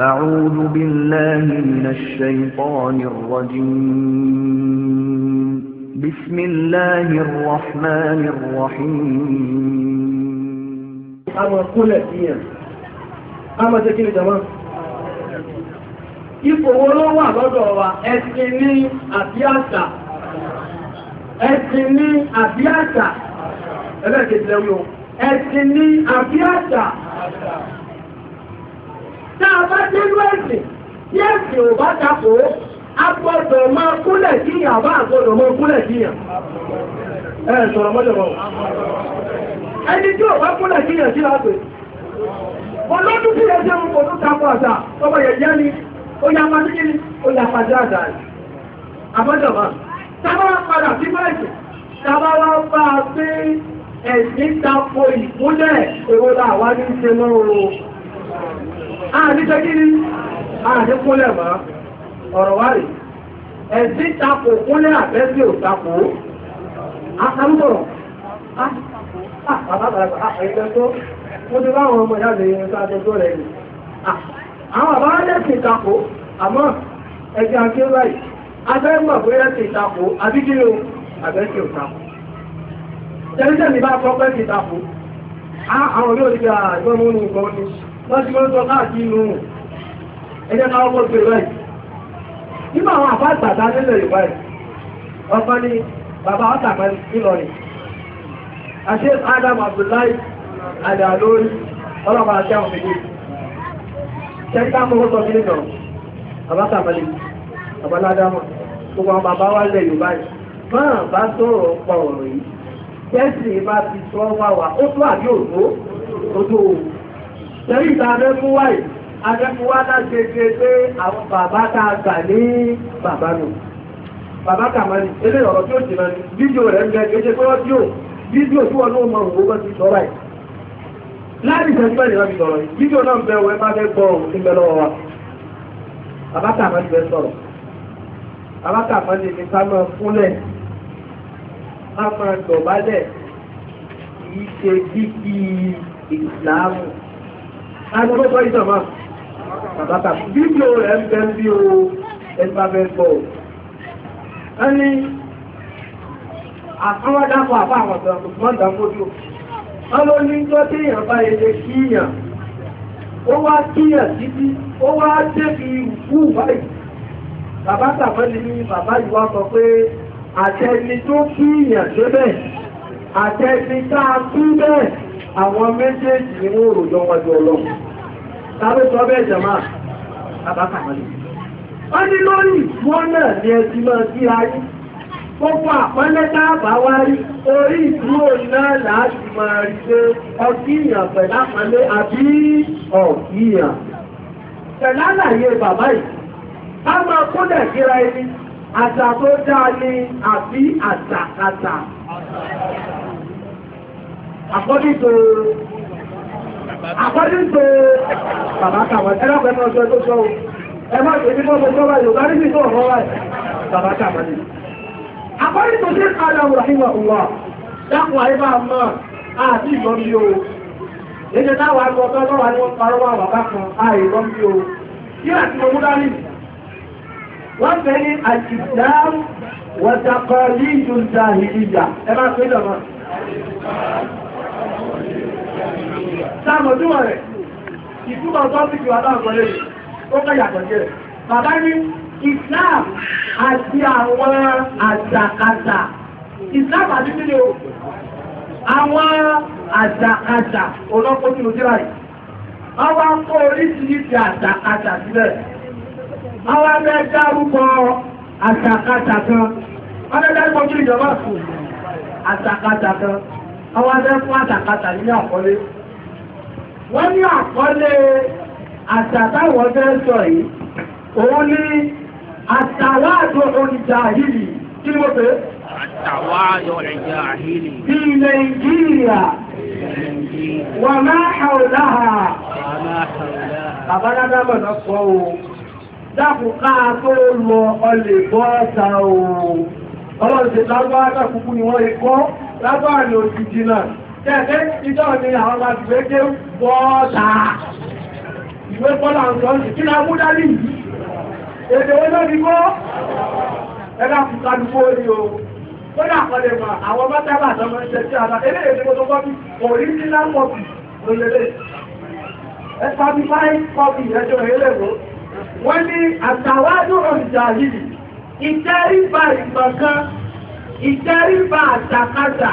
أعوذ بالله من الشيطان الرجيم بسم الله الرحمن الرحيم أما كل دين أما تكين جمان يفو ولو ما بدوا أسلمي أبياتا أسلمي أبياتا أبياتا أبياتا أسلمي أبياتا أبياتا tá a bá dénú ẹ̀sìn tí ẹ̀sìn ò bá takò á gbọ́dọ̀ máa kúnlẹ̀ kíyàn àbá àgbọ̀dọ̀ máa kúnlẹ̀ kíyàn. ẹ sọ̀rọ̀ mọ́jọ̀ bọ̀. ẹni tí ò bá kúnlẹ̀ kíyàn sí lápè. olódún tí ẹsẹ̀ ń kò tó takò àṣà ọmọ yẹ̀yẹ́ ni ó yà pa sí kíni ó yà pa sí àṣà rẹ̀. àbọ̀dọ̀ máa tábà padà sí báyìí tábà wá bá a pé ẹ̀sìn takò ìkúnlẹ̀ èrò làwọn ní í ṣe lọ́rùn àníṣẹ́ ah, kí ni àní ah, kúnlẹ̀ mọ́ ọ̀rọ̀ wá rè ẹ̀sìn takò kúnlẹ̀ àbẹ́sí ò takò àtàlùbọ̀rọ̀ ah, mo ti báwọn ọmọ ìyá lèyìn ká tọ́jú rẹ̀ ni àwọn àbá lẹ́sìn ìtakò àmọ́ ẹ̀jẹ̀ àti ọláì afẹ́gbà bóyá ti ìtakò àbíkílò àbẹ́sìn ìtakò tẹ́lifíṣẹ́ mi bá kọ́ pẹ́ ti ìtakò àwọn olóòdì àjọmọ́nù gan-an lọ́sí wọ́n sọ káàkiri nù ẹjẹ́ máa wọ́n pè báyìí nínú àwọn àbá àgbàdá nílẹ̀ Yorùbá yìí ọkọ ni bàbá ọ̀tàmọ́ Ìlọrin àṣẹ Adam Abdullahi àdàlórí ọlọ́pàá àti àwọn méjì ṣẹ́ńtà mọ́wọ́ sọ kílẹ̀ náà bàbá sàmọ́lẹ̀ bàbá ládámọ̀ gbogbo àwọn bàbá wa lẹ̀ Yorùbá yìí máa bá sọ̀rọ̀ pa ọ̀rọ̀ yìí tẹ́sì bá ti sọ wá Ṣẹ̀rí ìtàfẹ́ fún wáyé, Adẹ́fúwá láti ṣe pé àwọn bàbá tá a gbà ní bàbá nù. Bàbá Kàmánì, ilé ọ̀rọ̀ tí ó jìnà ní fídíò rẹ̀ ń gẹ́gẹ́ ṣe pé wọ́n tí ó fídíò tí wọ́n ló mọ òun gbogbo ti sọ́ra ẹ̀. Láti ìṣẹ́jú mẹ́rin náà ti sọ̀rọ̀ yìí, fídíò náà ń bẹ òun ẹ bá fẹ́ gbọ́ òun ti bẹ lọ́wọ́ wa. Bàbá Kàmánì fẹ́ sọ̀rọ̀. Bàbá Kàmánì ni ká máa fúnlẹ̀, ká máa dọ̀bálẹ̀, kì í ṣe kíkí ìsìláàmù alẹ́gbẹ́gbẹ́ ìjọba bàbátà fídíò rẹ̀ ń bẹ́ bí o ẹgbà bẹ́ gbọ́ ẹni àkọwọ́dápọ̀ àbá àwọn ọ̀dọ́ mọ́dàmójú ọlọ́ní tó tí èèyàn bá ilé kíyàn ó wá kíyàn títí ó wá débi wú báyìí bàbátà fẹ́lẹ̀ ní bàbá ìwà sọ pé àtẹni tó kíyàn débẹ̀ àtẹni tá a kú bẹ́ẹ̀ àwọn méjèèjì ni wọ́n rò jọ wájú ọlọ́run tàbí sọ bẹ́ẹ̀ jẹ̀má àbákàmọ́lẹ̀ wọ́n ní lórí wọ́n náà ní ẹtì máa sí ayé gbogbo àpẹẹlẹ dáàbà wá rí orí ìdúró náà láti máa rí pé ọtí ìyàn pẹ̀lá pẹ̀lẹ́ àbí ọ̀kí ìyàn pẹ̀lá láyé bàbá yìí ká máa kúnlẹ̀ kíra ẹni àṣà tó dáa ni àbí àṣà according to according to bàbá kàwé ẹ lọ́pẹ́ náà sọ tó sọ o ẹ má ṣe nípa ọmọ ìjọba yorùbá ọ̀rọ̀ ni. according to adam rahim dákun àyè o èdè ni wọ́n parọ́ wà kan àyè o láti mọ dání. wọ́n fẹ́ ní sáàmù túmọ̀ rẹ̀ ìtumọ̀ tọ́síkì wà láàpọ̀ lẹ́yìn ó kọ́ yàtọ̀ sí bàbá ní Islam àti àwọn àjàkàtà Islam àti kíni o àwọn àjàkàtà olóko tí mo jẹ́ báyìí wọ́n kó oríṣiríṣi àjàkàtà síbẹ̀ dárúkọ kan wọ́n dárúkọ kí ìjọba kan fún àkọlé. wọ́n ní àkọlé àtàtàwọ̀ fẹ́ sọ yìí òun ní àtàwádò oníjà yìí kí ló pé. àtàwádò oníjà yìí. bí nàìjíríà wà máa hàwùláhà. bàbá dáadáa bọ̀ náà sọ o dákun káà tó lọ ọlẹ̀ bọ́ọ̀sà o ọlọ́run ṣe lágbára kúkú ni wọ́n lè kọ́ lágbára ni òjijì náà. Tẹ́ẹ̀fẹ́ ìjọ́ ni àwọn ọmọ ìwé dé bọ́ọ̀lá. Ìwé bọ́ọ̀lá ń sọ sí kí ni a mú dání? Èdè olóòdì kọ́? Ẹgbà kùkà lùkọ́ orí o. Ó dà kọ́lẹ̀ mọ̀ àwọn mọ́tàbà tó mọ́ ṣe sí ara. Ilé èdè mo tó kọ́ bí original copy lólele. Ẹ̀ka bí five copy ẹjọ́ ìrẹ́lẹ̀wọ̀. Wọ́n ní àtàwádùn ọ̀rìjà yìí. Ìtẹ́ríba ìgbọ̀ngàn, ìtẹ́ríba àtàkàtà.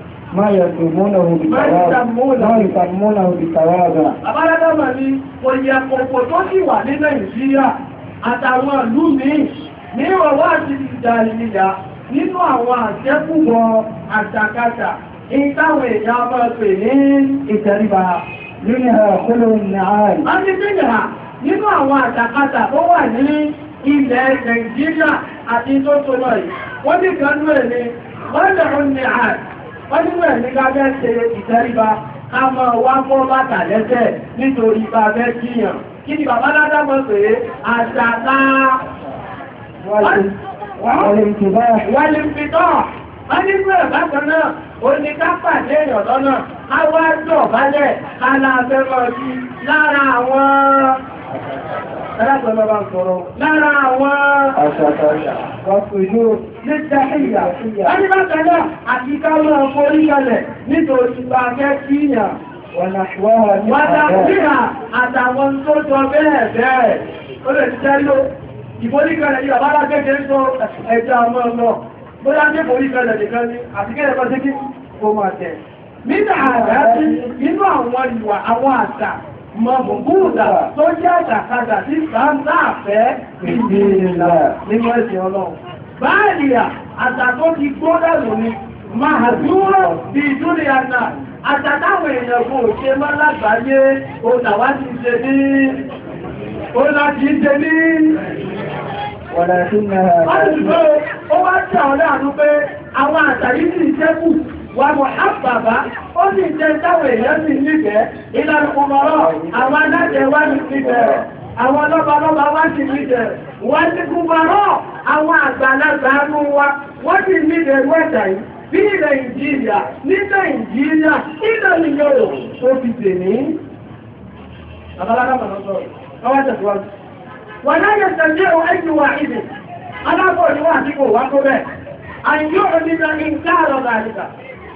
ما يسمونه بالتواضع ما يسمونه بالتواضع abáradá mà ní oyè ọ̀pọ̀ tó sì wà ní nàìjíríà àtàwọn ìlú míì ní ọwọ́ àti ìjà ìlìyà nínú àwọn àjẹkùbọ̀ àjàkátà ìtàwọn èèyàn ọmọ pè ní ìtẹríba nínú ẹ̀kọ́lù nìhàn. a ti dínà nínú àwọn àjàkátà tó wà ní ilẹ̀ nàìjíríà àti tó tó lọ yìí wọ́n ti kan ní wọ́n lè ń nìhàn wọ́n nígbà ní lábẹ́ ṣe ìtẹríba ká máa wá mọ́ bàtà lẹ́sẹ̀ nítorí bá fẹ́ kíyàn kí ni bàbá ládá mọ̀ pé àṣàkà wọ́n lè fi tọ́ wọ́n nígbà bákan náà òní ká lọ́nà á wá dọ̀ bálẹ̀ ká láàbẹ̀ mọ̀ sí lára àwọn alágbọ̀nà àwọn àṣàkà wọ́n fi yóò nítẹ̀hìyà ẹni bákanáà àti ká máa forí kalẹ̀ nítorí bá fẹ́ kíyàn wàdà síhà àtàwọn tó jọ bẹ́ẹ̀ bẹ́ẹ̀ ó lè jẹ́ ló ìforí kalẹ̀ yìí àbára kékeré tó ẹ̀jẹ̀ àwọn ọmọ bóyá ní forí kalẹ̀ nìkan ni àtikẹ́yẹ̀ kan sí kí ó máa tẹ̀ nínú àrá sí inú àwọn ìwà àwọn àṣà mọ̀bùnbùdà tó jẹ́ àṣàkájà sí sáà náà fẹ́ nínú ẹ̀sìn ọlọ́run báàlìyà àtàtó ti gbọ́dà lónìí máa dúró bí ìdúnlẹ̀ àná àtàtàwọn èèyàn kò ṣe má na òtàwá ti ṣe ní o kì í ṣe ní Wọ̀dà tí ń náà. Ó wá tí àwọn láàánú pé àwọn àtàrí sì ṣẹ́kù wà mọ̀ àpàbá ó sì jẹ táwọn èèyàn sì nífẹ̀ẹ́ ìlànà ọmọrọ̀ àwọn aláṣẹ wá ní nífẹ̀ẹ́ àwọn lọ́balọ́ba sí wọ́n ti kúbarọ́ àwọn àgbàlagbà nù wa wọ́n ti ní ìrẹ̀wẹ̀ ẹ̀dá bí nàìjíríà ní nàìjíríà nílẹ̀ ìyọ̀rọ̀ tó fi tèmí. àbálágbà mọ̀nà sọ̀rọ̀ ọwọ́ tẹ̀síwájú. wọ́n náà yẹ sẹ́jẹ́ ẹ̀jú wa ìdè alábọ̀ ni wọ́n àti kò wá àyọ̀ onígbà ní káàrọ̀ gàdìgà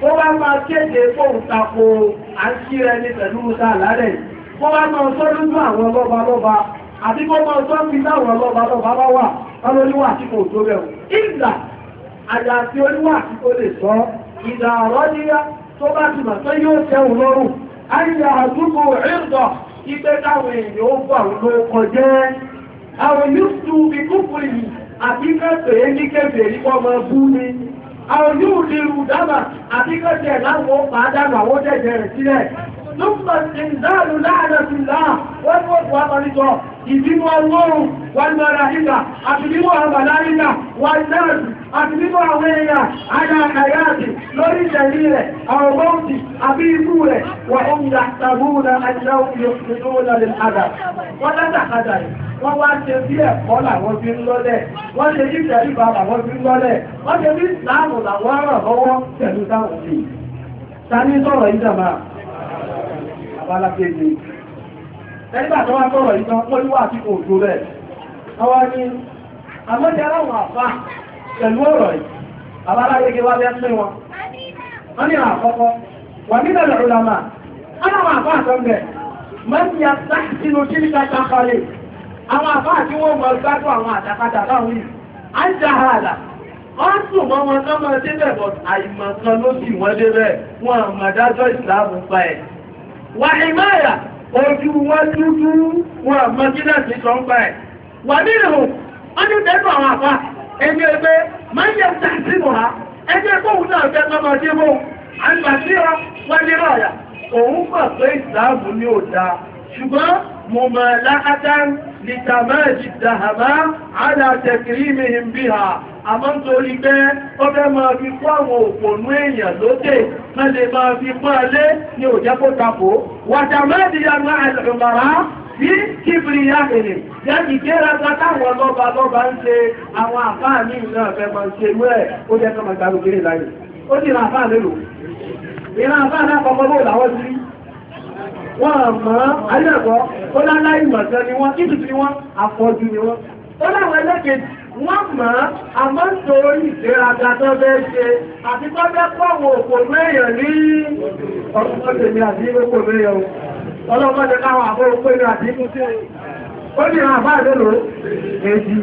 ó wá máa kéde fóun tako àṣírẹ́ni pẹ̀lú wá àti kó máa tọ́ fi láwọn ọlọ́ba lọ́ba wà lọ́wọ́ oníwà tí kò tó ìgbà oníwà tí kò lè sọ ìdà ọ̀rọ̀ tó bá ti yóò lọ́rùn àdúgbò ìrìndọ̀ ipe táwọn èèyàn ó ló àwọn yóò tu yìí ní máa bú àwọn yóò lè rù ثم الإنزال لعنة الله والموت وطريقه يجيبوا النور والملائكة أقلموها ملائكة والناس أقلموها وهي على حياتي لوري جليلة أو موتي أبي كورة وهم يحسبون أنهم يخطئون للأذى ولا تحذر wọ́n wá ṣe bí ẹ̀kọ́ làwọn fi ń lọ́lẹ̀ wọ́n ṣe bí ìtẹ̀ríba làwọn fi ń lọ́lẹ̀ wọ́n ṣe bí ìsìláàmù làwọn ràn lọ́wọ́ pẹ̀lú táwọn sí i. ta ní sọ̀rọ̀ yìí dàbà alákejì nígbà tó wá sọ̀rọ̀ yìí náà wọ́n ní wà tí kò tó rẹ̀ àwọn ni àmọ́jẹ aláwọ̀ àfà pẹ̀lú ọ̀rọ̀ yìí àbáláyége wá bẹ́ẹ̀ pín wọn wọ́n ní àkọ́kọ́ wà nílẹ̀ lọ́rùlámà aláwọ̀ àfà àtọ́gbẹ̀ mọ́tí yàtá sínú kíríkà takalẹ̀ àwọn àfà àti wọ́n mọ̀ gbádùn àwọn àtàkàtà láwọn yìí á ń jà hàlà wọ́n sùn mọ́ wọn sọ́mọ́ débẹ̀ bọ̀ àìmọ̀kan ló sì wọ́n débẹ̀ wọn àmọ̀dájọ́ ìsìlámù wà ìmáyà ojú wọn dúdú wọn mọ́sílẹ̀sì sọ ń pa ẹ̀ wà nínú wọn ní tẹ́tù àwọn àpá ẹni ẹgbẹ́ máa ń yẹ ọjà sí mọ̀ á ẹni ẹgbẹ́ òun náà fẹ́ kọ́ máa dé mọ́ àgbà sí ọ wọn ní ráyà òun gbà pé ìsìláàmù ni ò dáa ṣùgbọ́n mo mọ̀ àmọ́ nítorí pé ó fẹ́ máa fi kó àwọn òpònú èèyàn lókè wọ́n lè máa fi kó alé ní òjẹ́ kó tapò wàtàmẹ́dì yanu àìlùmọ̀rá sí kíbìrì yáhìnì yẹ́nì kí ẹ̀rọ táwọn lọ́ba lọ́ba ń ṣe àwọn àfáà ní ìlú náà fẹ́ máa ṣe wẹ́ ó jẹ́ kọ́mọ ìgbàlù kéré láyé ó sì ra àfáà lélò ìran àfáà náà kọ́kọ́ bó làwọn sí wọ́n mọ̀ ayé ẹ̀kọ́ ó láláì mọ̀ọ́sán ni wọ́n kí tuntun ni wọ́n àfọ́jú ni wọ́n ó láwọn ẹlẹ́kẹ̀ẹ́ wọ́n mọ̀ a àmọ́ nítorí ìgbéraga tó bẹ́ ṣe àti tó bẹ́ pọ̀wọ̀ òkò mẹ́yàn ní ọdún mi àti òkò mẹ́yàn ọlọ́mọdé káwọn àbọ̀ òkò mi àti ó ní àwọn àbá ìlélò èjì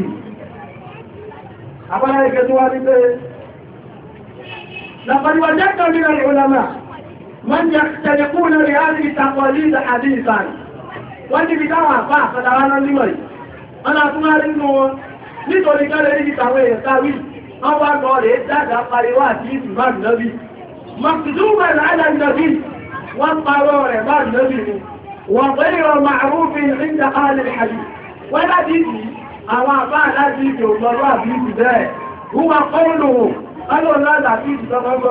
àbára ìgbẹ́ tó wá ní pé لقد wọ́n ti fi dáwọn àpá àkàdára nítorí kẹ́lẹ̀ níbi tàwọn èèyàn táwí wọ́n wá lọ rẹ̀ dáadáa pariwo àti ìsìnmá nọ́bí mọ̀tìdúwẹ̀ láìlá nọ́bí wọ́n parọ́ rẹ̀ má nọ́bí ni wọ́n pẹ́ yọ màrúfin níta alẹ́ àbí wọ́n láti ìdí àwọn àbá aláàbí ìdí òmọ̀rọ̀ àbí ìdí bẹ́ẹ̀ wúwa kọ́ọ̀lù ọlọ́ọ̀lá àbí ìdí tọ́kọ́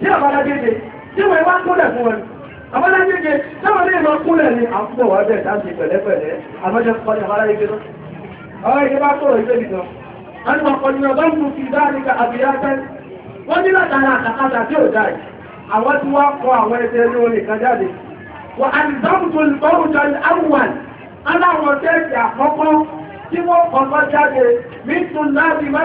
tí àwọn alágbègbè tí wọ́n wá kúnlẹ̀ fún wọn. àwọn alágbègbè táwọn lè lọ kúnlẹ̀ ní àkúbọ̀ wà bẹ̀ láti pẹ̀lẹ́pẹ̀lẹ́ àmọ́jọ́ kọ́ ní àwọn alágbègbè lọ. ọ̀rọ̀ ìjọba kọ̀rọ̀ ìgbé mi gan. wọ́n ní wọn kọ́ ní ọgbọ́n mú fi dáríkà àbíyáfẹ́. wọ́n ní látara àkàkàtà tí ò dáì. àwọn tí wọ́n kọ àwọn ẹsẹ̀ ní orin kan jáde. wọ́n àdìsọ́mùtò ìbọ̀wùjọ àwọn aláwọ̀ tẹ́ẹ̀sì àkọ́kọ́ tí wọ́n kọ̀ọ̀kan jáde mí tún láti má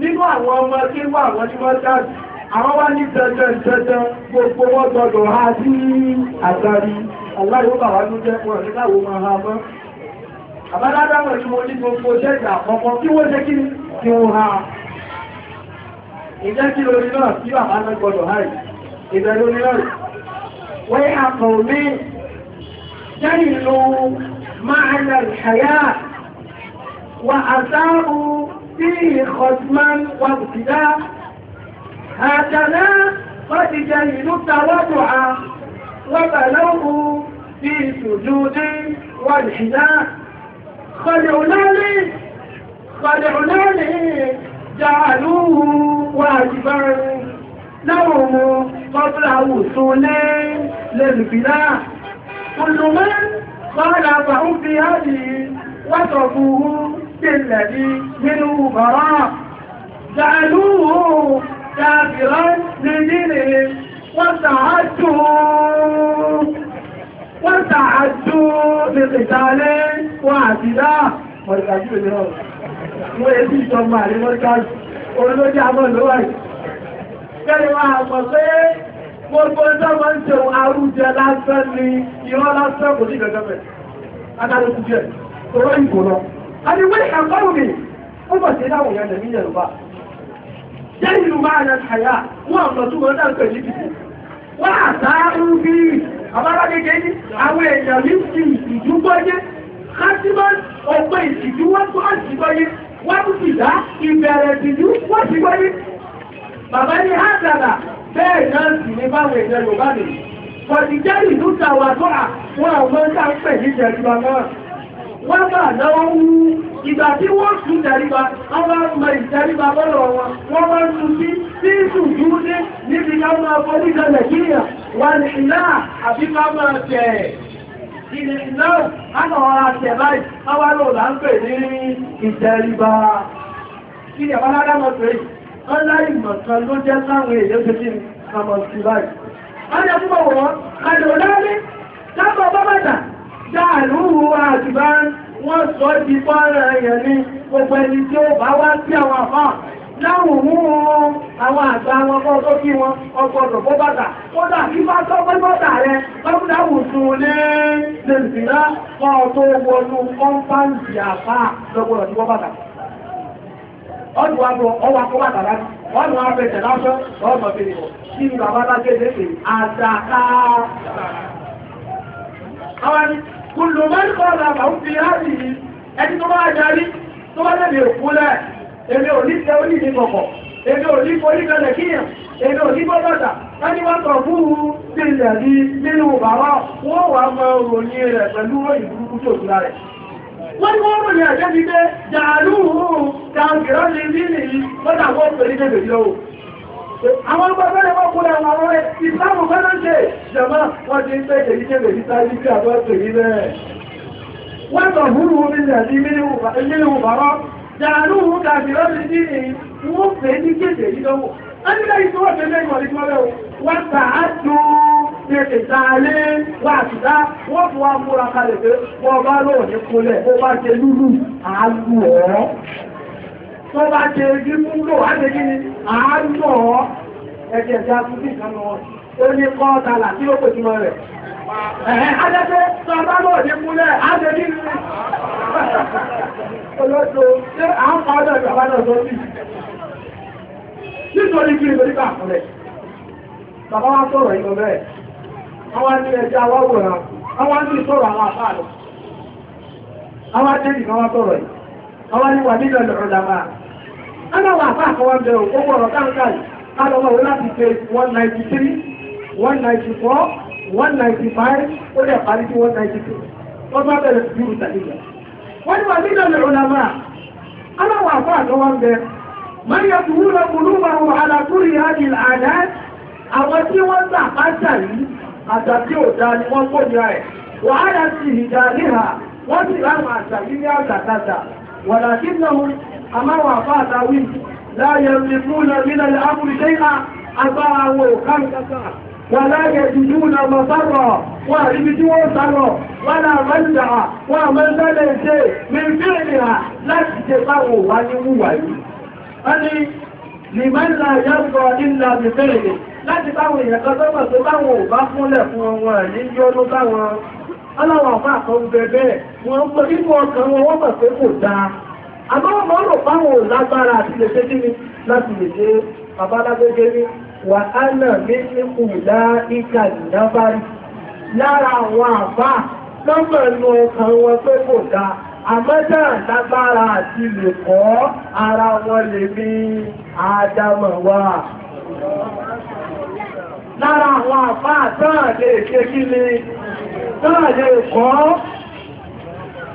nínú àwọn ọmọ tí wà wọ́n ní wọ́n dáàbì àwọn wá ní dandan dandan gbogbo wọn gbọdọ̀ ha sí àgbárí aláìwọ́ bàwá ló jẹ́ wọn ní láwo máa ha mọ́ àbádádáwọ̀ ni خصما وابتداء هكذا قد جهلوا التواضع وبلغوا في سجود والحذاء خلعنا لي خلعنا لي جعلوه واجبا لهم قبل وصوله للبناء كل من خالفهم في هذه وصفوه بالذي منه براء جعلوه كافرا لدينهم وارتعدوا وارتعدوا بقتال واعتداء مركز بالنار ويزيد جمع لمركز olójú àmọ́ ló wà yìí. Kẹ́lẹ̀ wá àmọ̀ pé gbogbo ẹjọ́ máa ń ṣeun arújẹ lásán ni ìran lásán kò ní ìgbẹ̀gbẹ̀. Adájọ́ ti jẹ́, tó rọ́ ìbò lọ. أنا وين قومي هم سيداهم يا نبي الله جهلوا معنى الحياة وأنفسوا أنا كذبتي وأساءوا فيه أمر عليك أو يجلسوا يجوبني خاتما ọgbẹ́ ìtìjú wọ́n tó àṣìgbọ́yé wọ́n tó ti dá ìbẹ̀rẹ̀ ìtìjú wọ́n ti gbọ́yé. Bàbá ní Hádàlà bẹ́ẹ̀ náà sì ní báwọn èèyàn Yorùbá mi. Kọ̀dìjẹ́ ìlú tàwa tó à wọn àwọn ń tà ń pè ní ìjẹ̀dùbà náà wọ́n kà náwó wú ìgbà tí wọ́n tún tẹríba wọ́n bá mọ ìtẹríba bọ́lọ̀ wọn wọ́n bá tún sí sí ìsùnjú ní níbi ká máa forí kan nàìjíríà wà ní ìlà àbí ká máa tẹ̀ ilẹ̀ ìlà àná ọ̀rọ̀ àtẹ̀ báyìí wọ́n wá lò láńpẹ̀ ní ìtẹríba kí ni àwọn aládámọ̀ pé wọ́n láì mọ̀ kan ló jẹ́ sáwọn èèyàn tó kí ni kàmọ̀ sí báyìí. wọ́n yẹ fún ọ̀wọ́ kàdé ọ̀dá sáàlúhu àtìbá wọ́n sọ ti pọ́nrọ̀ gbogbo ẹni tí ó bá wá sí àwọn àwọn àgbà wọn kọ́ tó kí wọn ọgbọ̀dọ̀ bó bàtà kódà kí bá tọ́ pé rẹ lé kọ́ tó wọnú lọ́gbọ̀dọ̀ tí ọdún láti ọdún kùlù mọ́rí kọ́ọ̀lù àbàwù fi láti yìí ẹni tó máa darí tó bá tẹ̀lé òkú lẹ̀ èmi ò ní tẹ ó ní ní kọ̀kọ̀ èmi ò ní forí kalẹ̀ kíyàn èmi ò ní bọ́ bàtà láti wá kàn fún un sí ilẹ̀ ní nínú bàbá wọ́n wà máa ròyìn rẹ̀ pẹ̀lú ròyìn burúkú tó dúra rẹ̀ wọ́n ní wọ́n ròyìn àjẹ́ ti dé jàálù kàǹkìrọ́ ní àwọn ọgbọ́n lè wọ́n kúrò àwọn ọ̀rẹ́ ìsìláàmù fẹ́ràn ṣe jẹ̀mọ́ wọ́n ti ń pẹ́ kèyí kèyí ní sáyé tí àbọ̀ ṣe rí bẹ́ẹ̀. wọ́n sọ húrù mi nà ní mílíọ̀nù bàrọ̀ jàánúhù kàbí lọ́sí sí ni fẹ́ ní kéde yìí lọ́wọ́. tó bá ṣe ibi mú wá ṣe kí àánú ọ ẹ̀jẹ̀ ẹ̀jẹ̀ àtúntì kan lọ ó ní kọ́ tààlà tí ó pè túmọ̀ rẹ̀. Ẹ̀hẹ́ ajẹ́jẹ́ tó bá lọ ní múlẹ̀ á Olóso ṣé à ń pa ọjọ́ ìgbà bá sí. Nítorí kí Bàbá wa sọ̀rọ̀ bẹ́ẹ̀. Àwọn àwọn ni wà nílò ìrọ̀lọ́mà aláwọ̀ àpá àkọwọ́n bẹ̀rẹ̀ òkú ọ̀rọ̀ káńkàn alọ́wọ́ wọ́n láti pé 193 194 195 ó lè parí sí 192 wọ́n bá bẹ̀rẹ̀ sí ìrù tàbílẹ̀ wọ́n ni wà nílò ìrọ̀lọ́mà aláwọ̀ àpá àkọwọ́n bẹ̀rẹ̀ mọ́yà tó wúlọ kùlùmọ̀ wọ alákùnrin àti àdá àwọn tí wọ́n gbà pátá yìí àtàkì òdá ni wọ́n kò ní ẹ̀ wàhálà sì ìdá níhà wọ́n sì láwọn àtàkì ní àtàkàtà ولكنهم أما وعفاء تاويل لا يملكون من الأمر شيئا أطاعوا خلقك wàlá yẹ̀dùdúnà mọ̀sárọ̀ wà níbi tí wọ́n sárọ̀ wàlá mọ́lá wà mọ́lá lè ṣe mẹ́fẹ́rìnà láti jẹ báwò wá ní wúwà yìí. wọ́n ni lèmọ́lá yọ́gbọ̀ nílà mẹ́fẹ́rìnà láti báwò ìyẹ̀kọ́ tó mọ̀ tó báwò bá fúnlẹ̀ fún wọn ní yọ́nú báwọn aláwọ̀ àbá àtọ́wù bẹ́ẹ̀ wọ́n mọ nínú ọkàn wọn wọ́n mọ̀ pé kò dáa àbáwọn mọ́ rò báwọn ò lágbára àti lè ṣe kíni láti lè ṣe babalágbégé ní wà á nà mí nípò dá ìka ìdábárì lára àwọn àbá lọ́mọ̀ nínú ọkàn wọn pé kò dáa àmọ́jà lágbára àti lè kọ́ ara wọn lè ní àdámọ̀ wa lára àwọn àbá àtọ́ àlè ṣe kí náà lè kọ́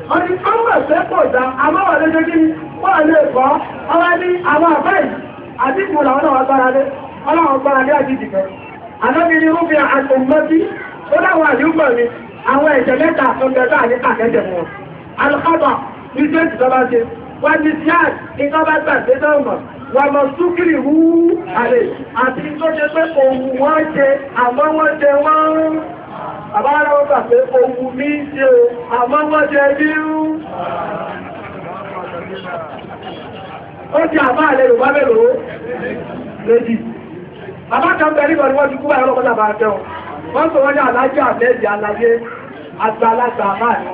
wọ́n ní kọ́mọ̀ fẹ́ pọ̀ dá amáwà lójú kí wọ́n lè kọ́ ọwá ní àwọn àbáyì àti ìgbòrò àwọn àwọn agbára lé ọlọ́run rúbí àtòmọ́tí ó mi àwọn ẹ̀jẹ̀ mẹ́ta àkẹ́jẹ̀ wọn ní àbára ọgbà pé ohun ní ṣe àmọ́mọ́jẹ bírú ó ti àbá àlẹ́ yorùbá mẹ́lò lẹ́jì àbákan bẹ̀rí kan ni wọ́n ti kú báyọ̀ lọ́kọ́ta bá tẹ́ wọ́n sọ wọ́n ní alájọ́ àbẹ́jì aláyé àgbàlagbà máà ni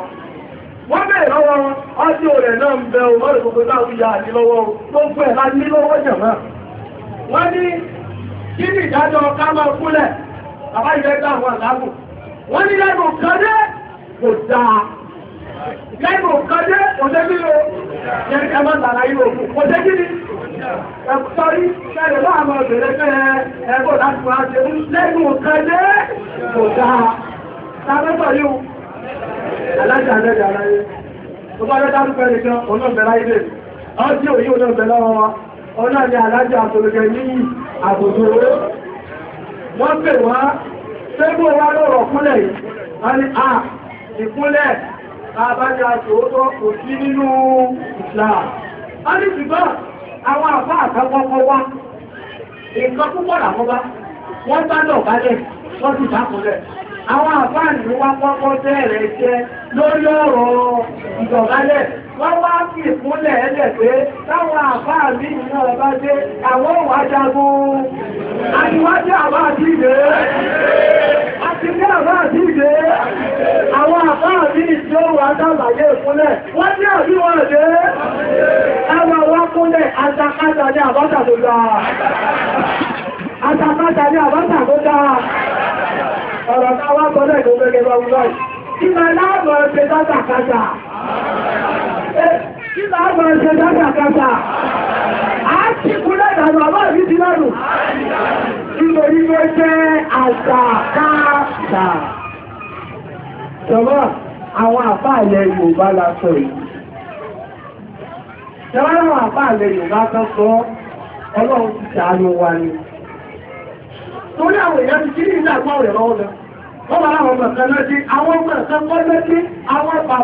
wọ́n wọ́n bẹ̀rẹ̀ lọ́wọ́ ọdí òrẹ̀ náà ń bẹ ọmọdé gbogbo láwọn ìyá àti lọ́wọ́ gbogbo ẹ̀ láti lọ́wọ́ jẹ̀mọ́ wọ́n ní kí ni ìdájọ́ ká máa kúlẹ̀ bàbá ìrẹ́ gbà wọn lágùn wọ́n ní lẹ́nu kọ́dé kò dáa lẹ́nu kọ́dé kò débi o yẹn ẹ má tàrà yìí o kò débi ni ẹ sọrí kẹlẹ bá àwọn obìnrin fẹ ẹ bò láti máa ṣe lẹ́nu kọ́dé kò dáa sábẹ́ sọ̀rí o alájà alájà aláyé tó bá yọjá ń pẹ́ẹ́lì kan òun náà bẹ̀rẹ̀ lè ọjọ́ òyìn òun náà bẹ̀rẹ̀ wa òun náà ní àtòlùkẹ́ ní àbòtò wọ́n pè wá Ṣébù wá lọ́rọ̀ kúnlẹ̀ yìí, a ní à ìkúnlẹ̀ àbájá tòótọ́ kò sí nínú A ní ṣùgbọ́n àwọn àtàkọ́kọ́ wá, nǹkan púpọ̀ làkọ́bá, wọ́n bá dọ̀bálẹ̀, wọ́n sì dákúnlẹ̀. Àwọn àfá wọ́n wá kì í fúnlẹ̀ ẹ̀lẹ̀ pé táwọn àbáà mí ìran ọba dé àwọn òwà jagun àtiwájú àbá àdìgbé àti ní àbá àdìgbé àwọn àbáà mí ìdí òwà dàgbàyé ìfúnlẹ̀ wọ́n ní àbí wọn dé ẹwà wọn fúnlẹ̀ àtàkàtà ní àbáta tó dáa àtàkàtà ní àbáta tó dáa ọ̀rọ̀ táwọn kọ́lẹ̀ ìdókẹ́gẹ́ bá wúlọ́ì Ìmọ̀ láàbọ̀ ṣe dọ́tàkàtà. kí là àwọn àbá ilẹ̀ Yorùbá la sọ yìí. Jọ̀wọ́ àwọn àbá ilẹ̀ Yorùbá sọ ọlọ́run ti ṣàánú wa ni. Torí àwọn èèyàn ti kí ní lọ́wọ́ lọ wọ́n bá ọmọ kan àwọn ọmọ kan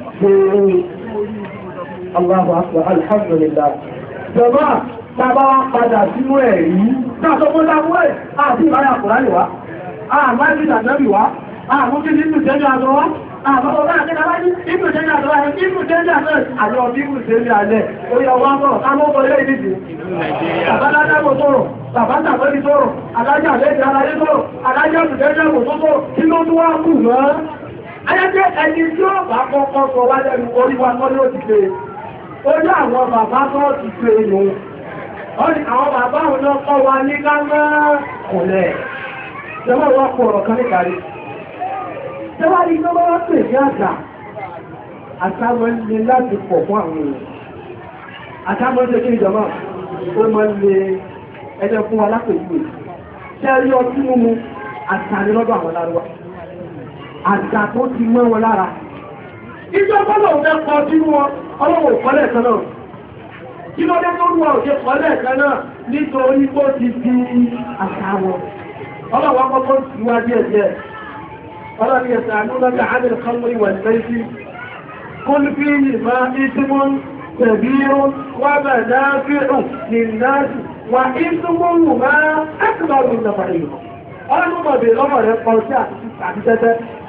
ní Allahu Akbar alhamdulillah. Jọba tábà wá padà sínú ẹ̀ yìí. Dàtọ̀ mo dáwọ́ ẹ̀ àti ìbára Kùránì wá. Àmọ́ ẹ̀mí ìdàgbẹ́bì wá. Àmọ́ kí ní ìtùjẹ́bí àjọ wá. Àmọ́ ọ̀gá àtẹ́kọ̀ọ́ ìbùjẹ́bí àjọ ayẹ́jẹ́ ẹni tí ó sọ orí wa kọ́ ló ti pé orí àwọn bàbá tó ti pé nù àwọn bàbá òun náà kọ́ wa ní kámẹ́ kọ̀lẹ̀ jẹ́wọ́ wọ́n kọ̀ ọ̀rọ̀ kan níkàrí jẹ́wọ́ rí tó bá pè ní àgbà àtàwọn ilé láti pọ̀ fún àwọn èèyàn àtàwọn ilé kí àgbà tó ti mọ́ wọn lára ìjọ bọ́lọ̀ òun fẹ́ sínú wọn ọlọ́wọ́ kọ́lẹ̀ kan náà kí ló tó rú ọ̀rọ̀ kan náà nítorí ti àṣà wọn ọlọ́wọ́ kọ́kọ́ díẹ̀ díẹ̀ ẹ̀sẹ̀ fi ìtumọ̀ wà wà ìtumọ̀ wù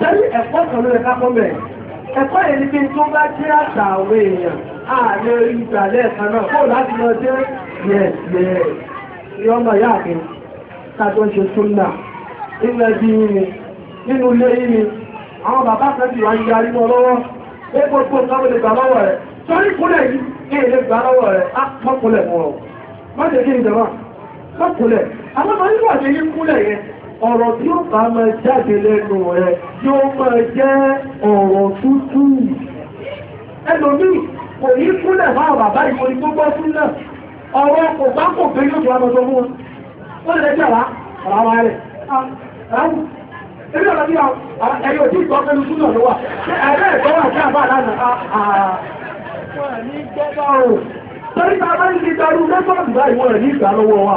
Sẹ́rí ẹ̀kọ́ kan ló yẹ ká kọ́ mẹ́. Ẹ̀kọ́ yẹn ni pé tó bá jẹ́ àṣà àwọn èèyàn, a lè rí ìgbà lẹ́ẹ̀kan náà. Kó láti lọ jẹ́ yẹ̀yẹ̀ ìyọ́mọ ìyá mi kájọ́ ṣe súnà. Ilẹ̀ bí mi nínú ilé yìí ni àwọn bàbá kan ti wá ń yarí mọ́ lọ́wọ́. Ó gbogbo nǹkan mo lè gbà lọ́wọ́ rẹ̀. Sọ́rí kúlẹ̀ yìí ní ilé gbà lọ́wọ́ rẹ̀ á mọ́kúnlẹ̀ mọ́. Má jẹ́ kí n jẹ́ wà. Mọ́kúnlẹ̀. Àwọn ọmọ yìí wà ní yín kúlẹ̀ yẹn ọ̀rọ̀ tí ó bá máa jáde lẹ́nu rẹ̀ tí ó máa jẹ́ ọ̀rọ̀ tútù ẹlòmíì kò ní kúnlẹ̀ bá bàbá ìwò ní gbogbo sílẹ̀ ọ̀rọ̀ kò bá kò pé yóò tó wá lọ́jọ́ mú wọn lè jẹ́ àrá àrá rẹ̀ ráwù eré ọ̀rọ̀ bí ẹ̀yẹ òjì ìgbọ́ pẹ̀lú súnà ló wà ẹ̀rẹ́ ẹ̀kọ́ wà sí àbá lánàá àà ní gbọ́dọ̀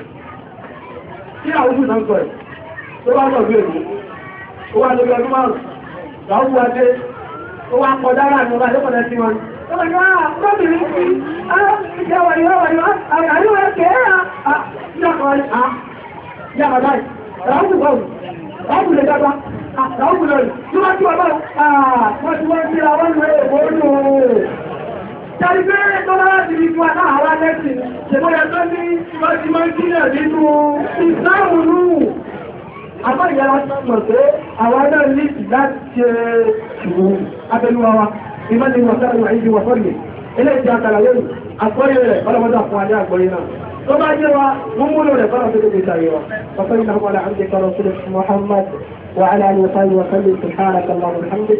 tí àwọn ojú náà sọ ẹ̀ tó bá sọ bí èdè ó wá lórí ọdún márùn láwùú wá dé ó wá kọ dára àti ọba àdékọ̀dá sí wọn. Ọmọ ìgbà lóbìnrin sí, ìjẹ́ wàyí wàyí wá, àyàríwá kẹ́ẹ́ à, ìjọba à, ìjọba báyìí, ràwùú báwùú, ràwùú lè dábàá ah, àwọn òkúlọ̀rì tí wọ́n tí ah, wọ́n bá wọ́n tí wọ́n tí ra wọ́n lè wọ́n lò ó Tẹ̀lé pé tó bá láti rí fún àtàwọn ará lẹ́sìn, ṣèbóyẹ tó ní ìwádìí máa ń kíyàn nínú ìsáhùn nù. Àbá ìyára mọ̀ pé àwọn náà ní láti ṣe ṣùgbọ́n abẹnuwa wa, ìmọ̀ ni wọ́n sáré wà ní ìwọ̀n sọ́rọ̀ eléyìí àtàlà lórí àgbọ́yé rẹ̀ ọlọ́mọdé àfún ajá àgbọ́yé náà tó bá jẹ́ wa mú múlò rẹ̀ fọ́nà tó lè sàyè wa ọ̀pẹ́ ìlànà àmì kọ̀rọ̀ sílẹ̀ Muhammad wa aláàlú sáyé wa sálẹ̀ sùhánà kàlá Muhammad